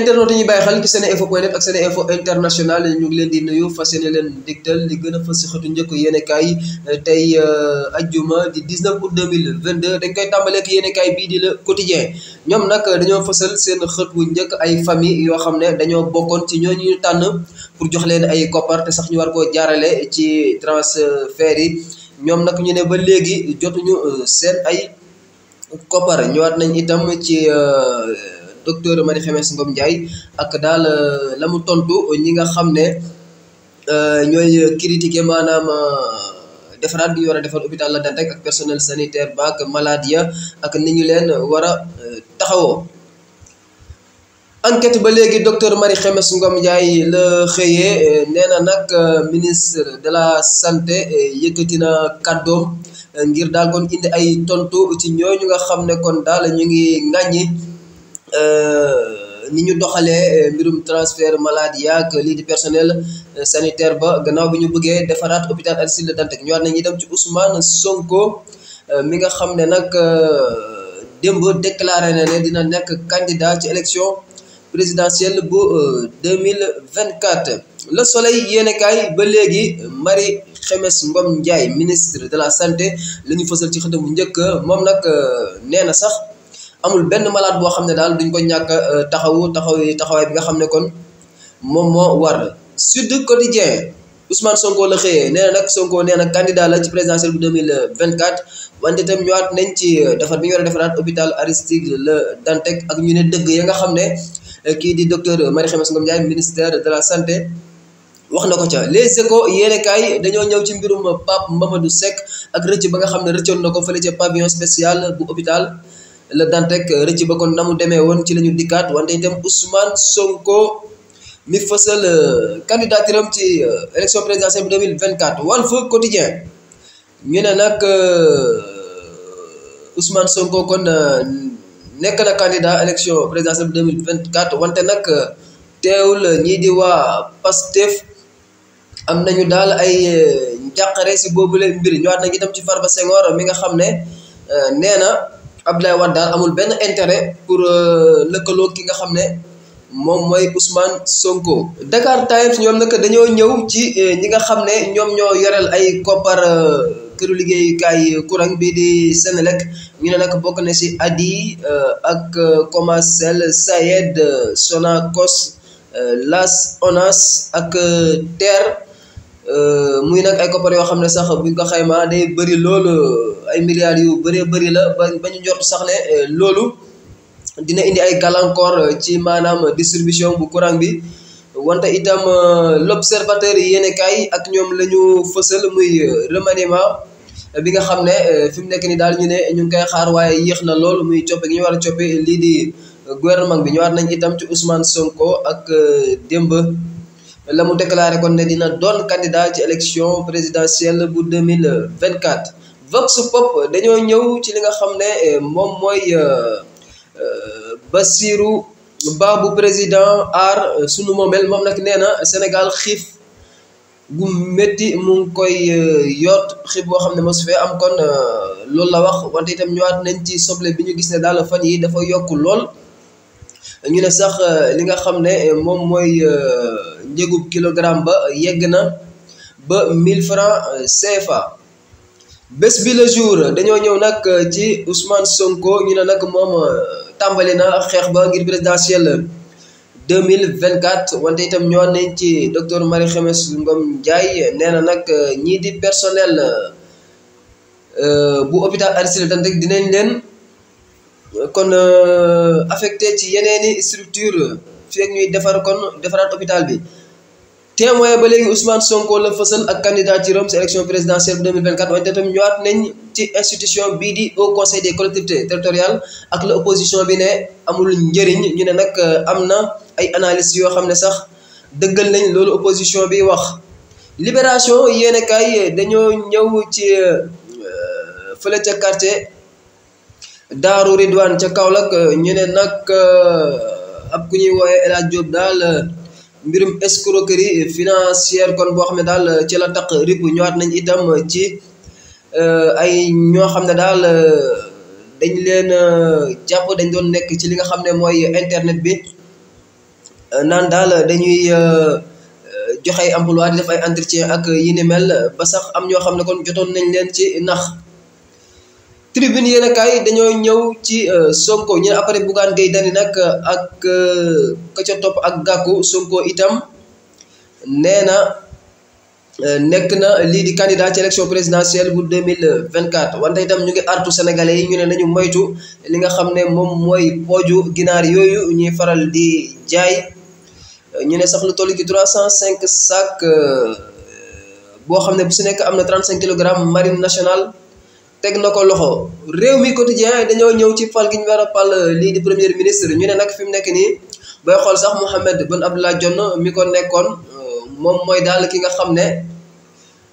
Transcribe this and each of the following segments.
internet yi ñuy bàyyi xel ci seneinfo point net ak seneinfo international ñu ngi leen di nuyu fas yéene leen digtal li gën a fës si xëtu njëkk yéenekaay tey euh, ajjuma di 19 août 2022 dañ koy tàmbalee ak yéenekaay bii di Le Quotidien ñoom nag dañoo fësal seen xët wu njëkk ay famille yoo xam ne dañoo bokkoon ci ñoo ñu tànn pour jox leen ay koppar te sax ñu war koo jaarale ci transfert yi ñoom nag ñu ne ba léegi jotuñu euh, seen ay koppar ñëwaat nañ itam ci. Euh, docteur Marie Khemesse Ngom Ndiaye ak daal euh, la mu tontu ñi nga xam ne euh, ñooy critiqué maanaam euh, defaraat bi ñu a defar hôpital La Dantec ak personnel sanitaire ba ak malade ya ak ni ñu leen war a taxawoo. enquête ba léegi docteur Marie Khemesse Ngom Ndiaye la xëyee nee na nag ministre de la santé yëkkati na kàddoom ngir daal kon indi ay tontu ci ñooñu nga xam ne kon daal ñu ngi ŋàññi. Euh, ni ñu doxalee euh, mbirum transfert malade yaak lii di personnel euh, sanitaire ba gannaaw bi ñu bëggee defaraat hôpital Aristide Le Dantec ñëwaat nañu dem ci Ousmane Sonko mi nga xam ne nag démb déclaré na ne dina nekk candidat ci élection présidentielle bu 2024 Le Soleil yéenekaay ba léegi Marie xemes mbom Ndiaye ministre de la santé la ñu fësal ci xëtam bu njëkk moom nag nee na sax amul benn malaat boo xam ne daal duñ ko ñàkk euh, taxawu taxaw taxawaay bi nga xam ne kon moom moo war Sud Quotidien Ousmane Sonko la xëyee nee nag Sonko nee na candidat la ci présidentielle bu 2024 wante itam ñëwaat nañ ci euh, defar bi ñu war a defaraat hôpital Aristide la Dantec ak ñu ne dëgg ya nga xam ne euh, kii di docteur Marie Khemesse Ngom Ndiaye ministère de la santé wax na ko ca Les Échos yéenekaay dañoo ñëw ci mbirum Pape Mamadou Seck ak rëcc ba nga xam ne rëccoon na ko fële ca pavillon spécial bu la Dantec rëcc ba kon na mu demee woon ci la ñu dikkaat wante itam Ousmane Sonko mi fësal euh, candidature am ci euh, élection présidentielle bu 2024 Walf Quotidien ñu ne nag euh, Ousmane Sonko kon nekk na candidat élection présidentielle bu 2024 wante nag teewul ñii di waa Pastef am nañu daal ay njàqare si boobule mbir ñëwaat nañ itam ci Farba Senghor mi nga xam ne nee na. Abdoulaye Wade daal amul benn intérêt pour euh, lëkkaloo ki nga xam ne moom mooy Ousmane Sonko. Dakar Times ñoom nag dañoo ñëw ci euh, ñi nga xam ne ñoom ñoo yoreel ay koppar euh, këru liggéeyukaay courant bii di Senelec ñu ne nag bokk na ci Adi ak Comasel Sayed Sonacos Las Onas ak TER muy nag ay koppar yoo xam ne sax bu ko xaymaa day bëri loolu. ay milliards yu bëree bëri la ba ñu njort sax ne euh, loolu dina indi ay gàllankoor euh, ci maanaam distribution bu courant bi wante itam euh, l'observateur yi kaay ak ñoom la ñu muy remaniement bi nga xam ne fi mu nekk ni daal ñu ne ñu ngi waaye yéex na lool muy coppe gi ñu war coppe lii di gouvernement bi ñëwaat nañ itam ci Ousmane Sonko ak Demba la mu déclaré kon ne dina doon candidat ci élection présidentielle bu mille vingt 2024 Vox Pop dañoo ñëw ci li nga xam ne euh, moom mooy euh, euh, Bassirou Ba bu président aar sunu moomel moom nag nee na Sénégal xiif gu métti mu ngi koy yoot xiif boo xam ne mosu fee am kon loolu la wax wante itam ñëwaat nañ ci soble bi ñu gis ne daal fan yi dafa yokk lool ñu ne sax li nga xam ne moom mooy njëgub kilogramme ba yegg na ba mille francs CFA. bés bi le jour dañoo ñëw nag euh, ci Ousmane Sonko ñu ne nag moom euh, tàmbali na xeex ba ngir présidentielle 2024 wante itam ñoo nañ ci docteur Marie Khemesse Ngom Ndiaye nee na nag euh, ñii di personnel bu hôpital Aristide Le Dantec dinañ leen kon affecté ci yeneeni structure fi ñuy defar kon defaraat hôpital bi témoin ba léegi Ousmane Sonko la fësal ak candidature am si élection présidentielle 2024 wante tamit ñëwaat nañ ci institution bii di au conseil des collectivités territoriales ak la opposition bi ne amul njëriñ ñu ne nag euh, am na ay analyse yoo xam ne sax dëggal nañ loolu opposition bi wax libération yéen dañoo ñëw ci euh, fële ca quartier Daaru Ridwaan ca Kaolack ñu ne nag euh, ab ku ñuy woowee El Hadj Diop daal mbirum escroquerie financière kon boo xam ne daal ci la taq rip ñëwaat nañ itam ci euh, ay ñoo xam ne daal euh, dañ leen euh, jàpp dañ doon nekk ci li nga xam ne mooy internet bi naan daal dañuy joxe ay emploi di ay entretien ak yi ni mel ba sax am ñoo xam ne kon jotoon nañ leen ci nax tribune yéen kaay dañoo ñëw ci euh, Sonko ñu ne après Bougane Gueye Dany nag euh, ak euh, ka ca topp ak Gakou Sonko itam nee na nekk na lii di candidat ci élection présidentielle bu 2024 wante itam ñu ngi sénégalais yi ñu ne nañu moytu li nga xam ne moom mooy pooju ginaar yooyu ñuy faral di jaay ñu ne sax lu toll ci cinq sac boo xam ne bu si nekk am na cinq kilogrammes marine nationale teg na ko loxo réew mi quotidien dañoo ñëw ci fal gi ñu war a fal lii di premier ministre ñu ne nag fi mu nekk nii booy xool sax Mouhamed Boun Abdallah Dionne mi ko nekkoon euh, moom mooy daal ki nga xam ne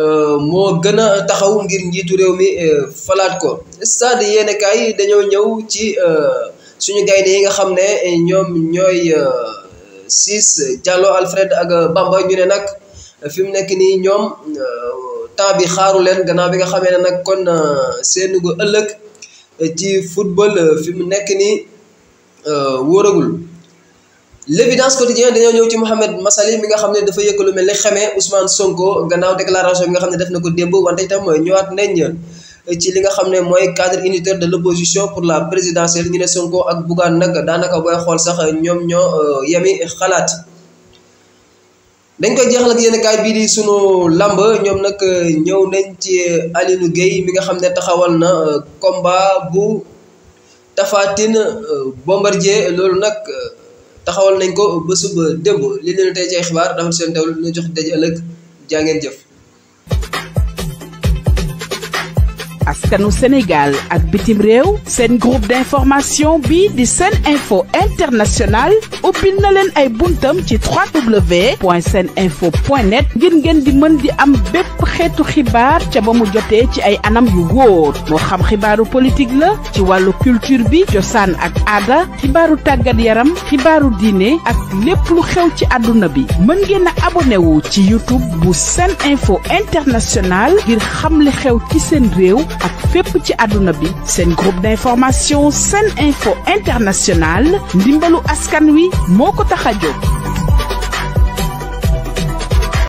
euh, moo gën a taxaw ngir njiitu réew mi euh, falaat ko stade yéen dañoo ñëw ci suñu gaynde yi nga xam ne eh, ñoom ñooy siis Diallo Alfred ak Bamba ñu ne nag fi mu nekk nii ñoom temps bi xaaru leen gannaaw bi nga xamee ne nag kon seen euh, Sénégal ëllëg euh, ci football euh, fi mu nekk nii wóoragul l'évidence quotidien dañoo ñëw ci Mouhamed Massaly bi nga xam ne dafa yëkkalu mel ne xamee Ousmane Sonko gannaaw déclaration bi nga xam ne def na ko démb wante itam ñëwaat nañ ci li nga xam ne mooy cadre unitaire de l'opposition pour la présidentielle ñu ne Sonko ak Bougane nag daanaka booy xool sax ñoom ñoo yemi xalaat. dañ koy jeexal ak yéen kaay bii di sunu làmb ñoom nag euh, ñëw nañ ci euh, alinu Gueye mi nga xam ne taxawal na euh, combat bu Tafatine Bombardier loolu nag taxawal nañ ko ba suba démb li leen tey ci ay xibaar dafa seen teewlu ñu jox daje ëllëg jaa jëf. askanu Sénégal ak bitim réew seen groupe d'information bi di seen info international ubbil na leen ay buntam ci www.seninfo.net ngir ngeen di mën di am bépp xeetu xibaar ca ba mu jotee ci ay anam yu wóor moo xam xibaaru politique la ci wàllu culture bi cosaan ak aada xibaaru tàggat yaram xibaaru diine ak lépp lu xew ci àdduna bi mën ngeen a abonné wu ci youtube bu seen info international ngir xam li xew ci seen réew ak fépp ci àdduna bi seen groupe d'information seen info international ndimbalu askan wi moo ko tax a jóg